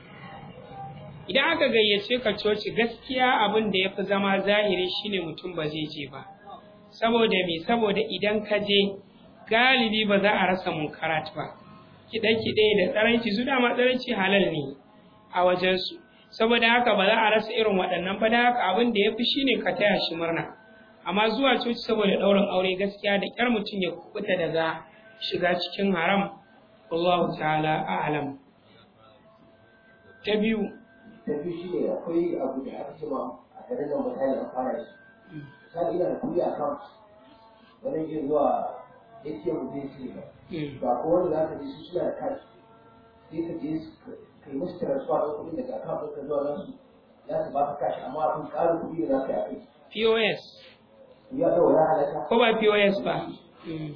idan aka gayyace ka coci gaskiya abin da ya fi zama zahiri shine mutum ba zai je ba saboda me saboda idan ka je galibi ba za a rasa munkarat ba kiɗe-kiɗe da tsaranci su dama tsaranci halal ne a wajensu saboda haka ba za a rasa irin waɗannan ba da haka abin da ya fi shine ka taya shi murna amma zuwa coci saboda ɗaurin aure gaskiya da ƙyar mutum ya kuɓuta daga shiga cikin haram Allahu ta'ala a'lam ta biyu ta fi shi ne akwai abu da aka ma a garin nan mutane a fara shi misali ina da kuɗi a kan wani ke zuwa ATM zai ce ba eh. ba ko wanda za ka je su suna da kashi sai ka je ka yi musu transfer ɗin kuɗi daga kan ka zuwa nasu za ka ba ka kashi amma abin ƙarin kuɗi da za ka yi a kai POS ya ɗau ya halatta ko ba POS ba eh.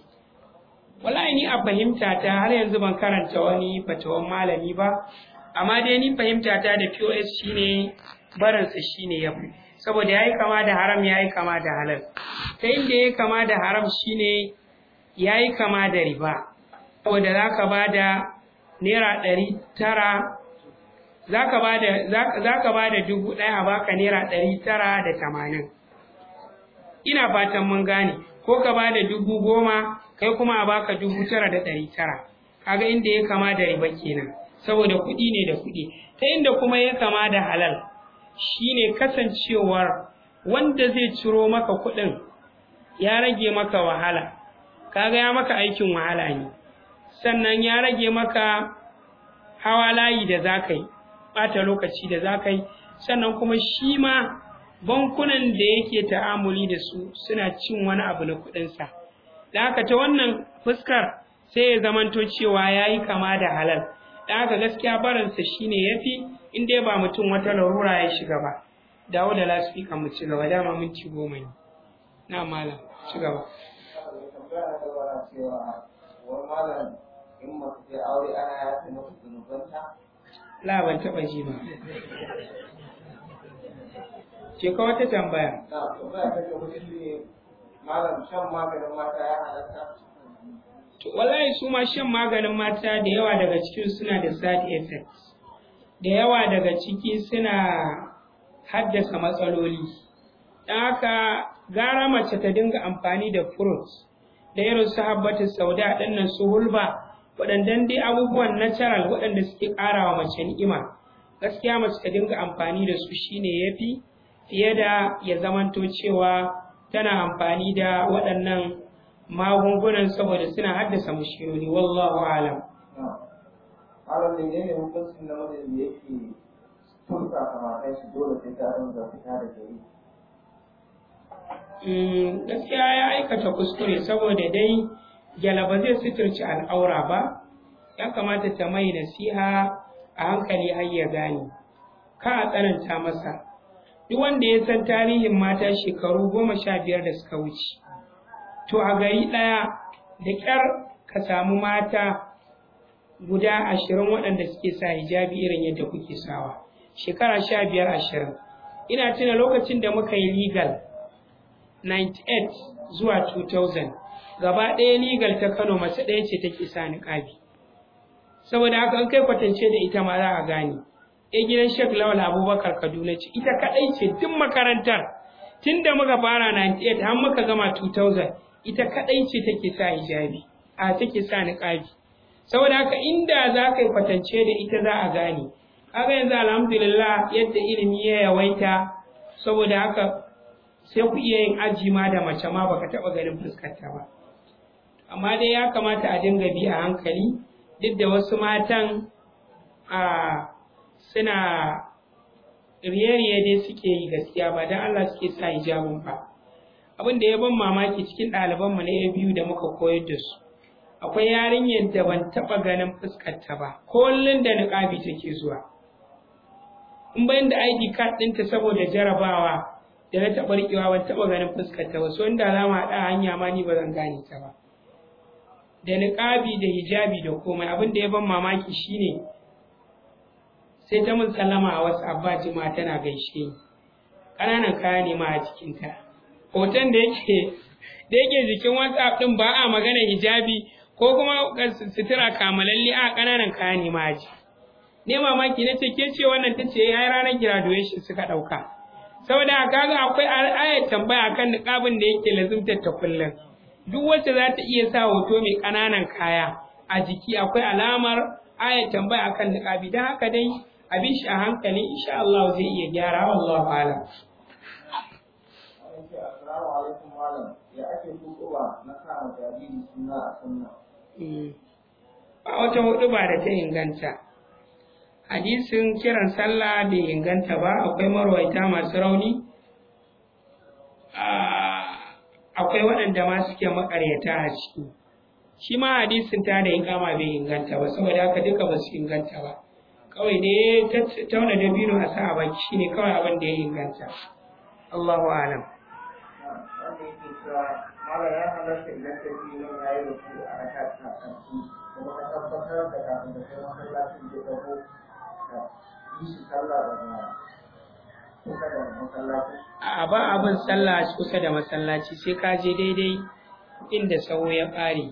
Wala ni a fahimta ta har yanzu ban karanta wani fatawan malami ba amma dai ni fahimta ta da POS shine barinsa shine yafi saboda yayi kama da haram yayi kama da halal ta inda yayi kama da haram shine yayi kama da riba saboda zaka bada naira ɗari tara zaka bada zaka bada dubu ɗaya a baka naira ɗari tara da tamanin ina fatan mun gane ko ka bada dubu goma kai kuma a baka dubu tara da ɗari tara kaga inda ya kama da riba kenan saboda kuɗi ne da kuɗi ta inda kuma ya kama da halal shine kasancewar wanda zai ciro maka kuɗin ya rage maka wahala kaga ya maka aikin wahala ne sannan ya rage maka hawa layi da za ka yi ɓata lokaci da za ka yi sannan kuma shi ma bankunan da yake ta'amuli da su suna cin wani abu na kuɗinsa da aka ta wannan fuskar sai ya zamanto cewa ya yi kama da halal da haka gaskiya barinsa shine yafi in dai ba mutum wata larura ya shiga ba dawo da lasfika mu ci gaba dama ci goma ne na malam ci gaba la ban taba ji ba ce ka wata tambaya malam shan maganin mata ya halatta to wallahi su ma shan maganin mata da yawa daga cikin suna da side effects da yawa daga ciki suna haddasa matsaloli don haka gara mace ta dinga amfani da fruits da irin su habbatin sauda ɗannan su hulba waɗannan dai abubuwan natural waɗanda suke ƙara wa mace ni'ima gaskiya mace ta dinga amfani da su shine yafi fiye da ya zamanto cewa tana amfani da waɗannan magungunan saboda suna haddasa mushkiloli wallahu alam malam mm, gaskiya ya aikata kuskure saboda dai gyala ba zai suturci al'aura ba ya kamata ta mai nasiha a hankali har ya gane ka a tsananta masa duk wanda ya san tarihin mata shekaru goma sha biyar da suka wuce to a gari ɗaya da ƙyar ka samu mata guda ashirin waɗanda suke sa hijabi irin yadda kuke sawa shekara sha biyar ashirin ina tuna lokacin da muka yi legal 98 zuwa 2000 gaba ɗaya legal ta kano mace ɗaya ce take sa niƙabi saboda haka an kai kwatance da ita ma za a gane ya gidan shek lawal abubakar kaduna ce ita kaɗai ce duk makarantar tun da muka fara 98 har muka gama 2000 ita kaɗai ce take sa hijabi a take sa niqabi saboda haka inda za ka yi kwatance da ita za a gane kaga yanzu alhamdulillah yadda ilimi ya yawaita saboda haka sai ku iya yin aji ma da mace ma baka taɓa ganin fuskarta ba amma dai ya kamata a dinga bi a hankali duk da wasu matan a suna riye-riye dai suke yi gaskiya ba don Allah suke sa hijabin ba abin da ya ban mamaki cikin ɗalibanmu na ya biyu da muka koyar da su akwai yarinyar da ban taɓa ganin fuskarta ba kullum da niƙabi take zuwa in bayan da id card ɗinta saboda jarabawa da na taɓa riƙewa ban taɓa ganin fuskarta ba so wanda za mu haɗa hanya ma ni ba zan gane ta ba da niƙabi da hijabi da komai abin da ya ban mamaki shine sai ta mun sallama a wasu abba jima tana gaishe ni ƙananan kaya ne ma a jikinta hoton da yake da yake jikin whatsapp din ba a magana hijabi ko kuma sutura kamalalli a kananan kaya ne ma ji ne mamaki na ce ke ce wannan ta ce ya ranar graduation suka ɗauka saboda kaga akwai ayar tambaya akan niƙabin da yake lazimtar ta kullum duk wacce za ta iya sa hoto mai kananan kaya a jiki akwai alamar ayar tambaya akan niƙabi don haka dai abin shi a hankali insha Allah zai iya gyara Allah alam wannan ce assalamu alaikum malam ya ake na kama jariri suna a sunna eh. a wata ba da ta inganta hadisin kiran sallah bai inganta ba akwai marwaita masu rauni ah, akwai waɗanda ma suke makaryata a ciki shi ma hadisin ta da kama bai inganta ba saboda haka duka ba su inganta ba kawai dai tauna dabino a sa a baki ne kawai abin da ya inganta Allahu alam wanda yake cewa mala ya halarta idan ka ji yin rayu da su a raka ta karfi kuma ka tabbatar da kafin da kai masallacin da ka ko ka yi shi sallah da kusa da masallaci. A ba abin sallah kusa da masallaci sai ka je daidai inda sauro ya ƙare.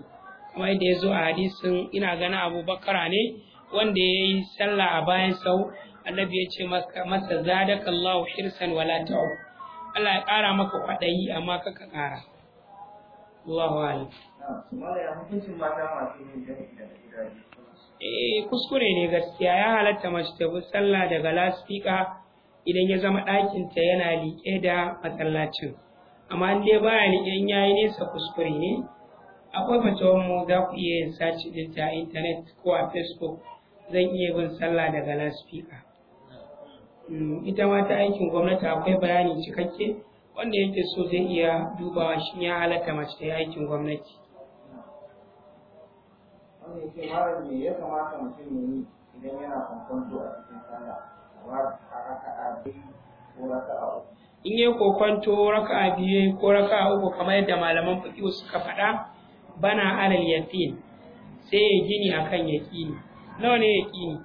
Kuma yadda ya zo a hadisin ina ganin abubakar ne wanda ya yi sallah a bayan sau annabi ya ce masa zadaka Allah hirsan wala ta'u Allah ya ƙara maka kwaɗayi amma ka ka ƙara Allahu alam eh kuskure ne gaskiya ya halatta mace ta bi sallah daga lasfika idan ya zama ɗakinta yana liƙe da masallacin amma in dai baya liƙe in yayi nesa kuskure ne akwai mace mu za ku iya yin saci ɗinta a intanet ko a facebook zan iya bin sallah daga lasfika Mm, ita ma ta aikin gwamnati akwai bayani cikakke wanda yake so zai iya dubawa shi ya halatta mace ta yi aikin gwamnati in yi kokonto raka biyu ko raka uku kamar yadda malaman fiƙi suka faɗa bana alal yaqin sai ya gini akan yaqini nawa ne yaqini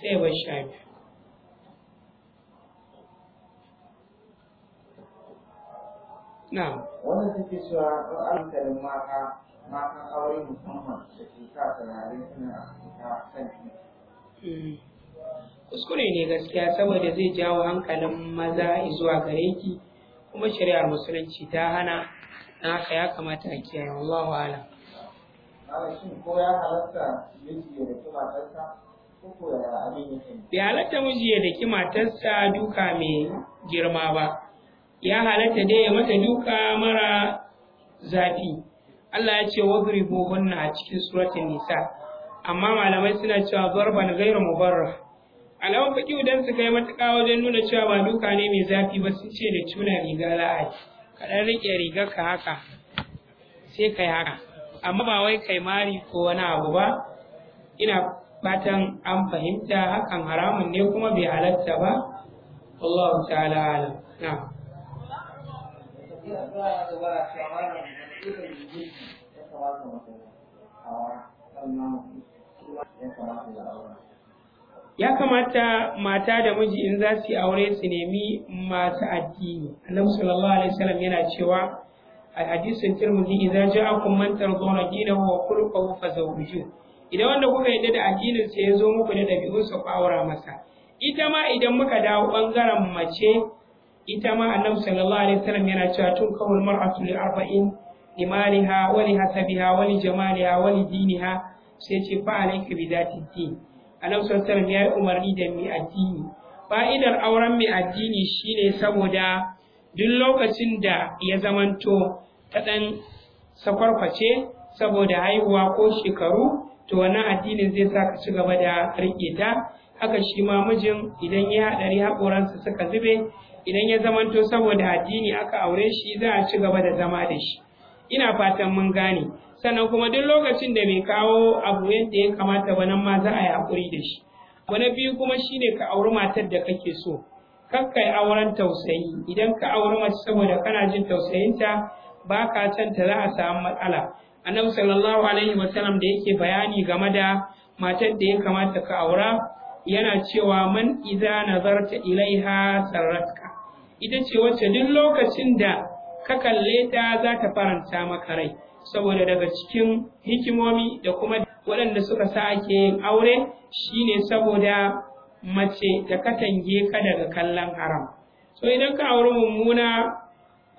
sai ya bar shafi wannan take cewa an alkalin mata mata aure musamman da ke sa turare suna fita kan hmm. kuskure ne gaskiya saboda zai jawo hankalin maza zuwa gare ki kuma shari'ar musulunci ta hana na haka ya kamata a kiyaye wallahu ala ko ya halatta miji ya daki matarsa ko ya abin yake bai halatta miji ya daki matarsa duka mai girma ba ya halatta dai ya mata duka mara zafi Allah ya ce wadribu hunna a cikin suratul nisa amma malamai suna cewa zarban gairu mubarrah alawan fiki dan su kai matuƙa wajen nuna cewa ba duka ne mai zafi ba sun ce da cuna riga a riƙe rike rigar ka haka sai kai haka amma ba wai kai mari ko wani abu ba ina fatan an fahimta hakan haramun ne kuma bai halatta ba Allah ta'ala ya kamata mata da miji in za su yi aure su nemi masu addini annabi sallallahu alaihi wasallam yana cewa a hadisin tirmidhi idza ja'akum man tardawna dinahu wa khuluquhu fazawwiju idan wanda kuka yadda da addinin sa ya zo muku da dabi'un sa ku aura masa ita ma idan muka dawo bangaren mace ita ma annabi sallallahu alaihi wasallam yana cewa tun kawul mar'atu li arba'in limaliha wa li hasabiha wa li jamaliha wa li diniha sai ce fa alayka bi dati din annabi sallallahu alaihi wasallam ya yi umarni da mi addini fa'idar auren mi addini shine saboda duk lokacin da ya zamanto ta dan sakwarkwace saboda haihuwa ko shekaru to wannan addinin zai sa ka ci gaba da riƙe ta haka shi ma mijin idan ya haɗari haƙoransa suka zube idan ya zamanto saboda addini aka aure shi za a ci gaba da zama da shi ina fatan mun gane sannan kuma duk lokacin da bai kawo abu yadda ya kamata ba nan ma za a yi haƙuri da shi abu na biyu kuma shine ka auri matar da kake so kar ka yi auren tausayi idan ka auri mace saboda kana jin tausayinta ba ka ta za a samu matsala annabi sallallahu alaihi wasallam da yake bayani game da matar da ya kamata ka aura yana cewa man idza nazarta ilaiha sarratka ita ce wacce duk lokacin da ka kalle ta za ta faranta maka rai saboda daga cikin hikimomi da kuma waɗanda suka sa ake yin aure shine saboda mace da katange ka daga kallon haram so idan ka auri mummuna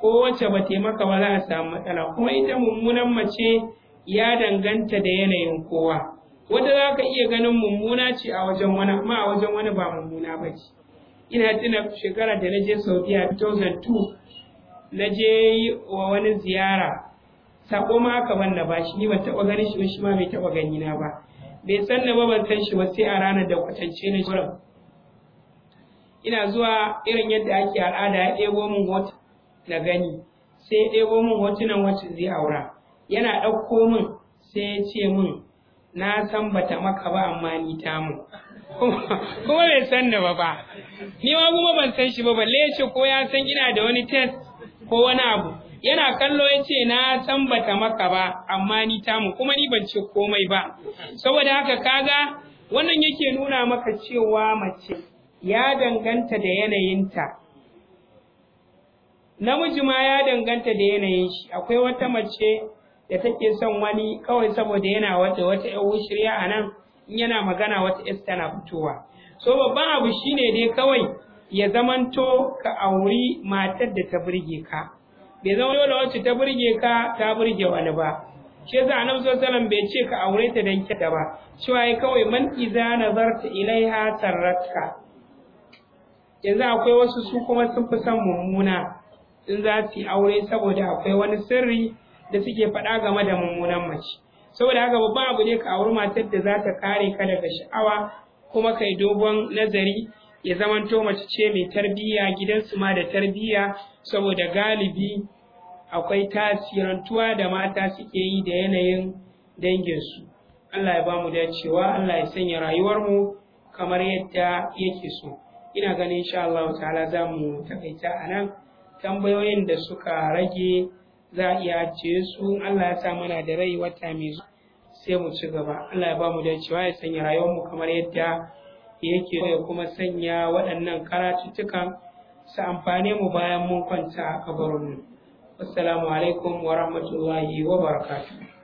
ko wacce ba taimaka ba za a samu matsala kuma ita mummunan mace ya danganta da yanayin kowa wata za ka iya ganin mummuna ce a a wajen wani ba mummuna ba ce ina tuna shekara da na je saudiya 2002 na je wa wani ziyara sako ma aka ban ba, shi ni ban taɓa ganin shi shi ma bai taɓa gani na ba bai san na ba ban san shi ba sai a ranar da kwatance na gurin ina zuwa irin yadda ake al'ada ya ɗebo min wata na gani sai ya ɗebo min hotunan wacce zai aura yana ɗauko min sai ya ce min na san bata maka ba amma ni ta mu kuma bai san da ba ba ni ma kuma ban san shi ba balle ya ce ko ya san ina da wani test ko wani abu yana kallo ya ce na san bata maka ba amma ni ta mu kuma ni ban ce komai ba saboda haka kaga wannan yake nuna maka cewa mace ya danganta da yanayinta namiji ma ya danganta da yanayin shi akwai wata mace da take son wani kawai saboda yana wata wata yan shirya a nan in yana magana wata yas tana fitowa so babban abu shine dai kawai ya zamanto ka auri matar da ta burge ka bai zama dole wacce ta burge ka ta burge wani ba shi yasa annabi sallallahu bai ce ka aure ta dan kyada ba cewa ya kawai man iza nazarta ilaiha sarratka yanzu akwai wasu su kuma sun fi son mummuna in za su yi aure saboda akwai wani sirri da suke faɗa game da mummunan mace saboda haka babban abu ne ka auri matar da za ta kare ka daga sha'awa kuma kai dogon nazari ya zamanto mace ce mai tarbiyya su ma da tarbiyya saboda galibi akwai tasirantuwa da mata suke yi da yanayin danginsu Allah ya ba mu dacewa Allah ya sanya rayuwarmu kamar yadda yake so ina ganin insha Allah ta'ala za mu takaita a nan tambayoyin da suka rage za a iya ce su Allah ya sa mana da rai wata mai zuwa sai mu ci gaba Allah ya ba mu dacewa ya sanya rayuwar mu kamar yadda yake da kuma sanya waɗannan karatuttukan su amfane mu bayan mun kwanta a kabarinmu assalamu alaikum wa rahmatullahi wa barakatuh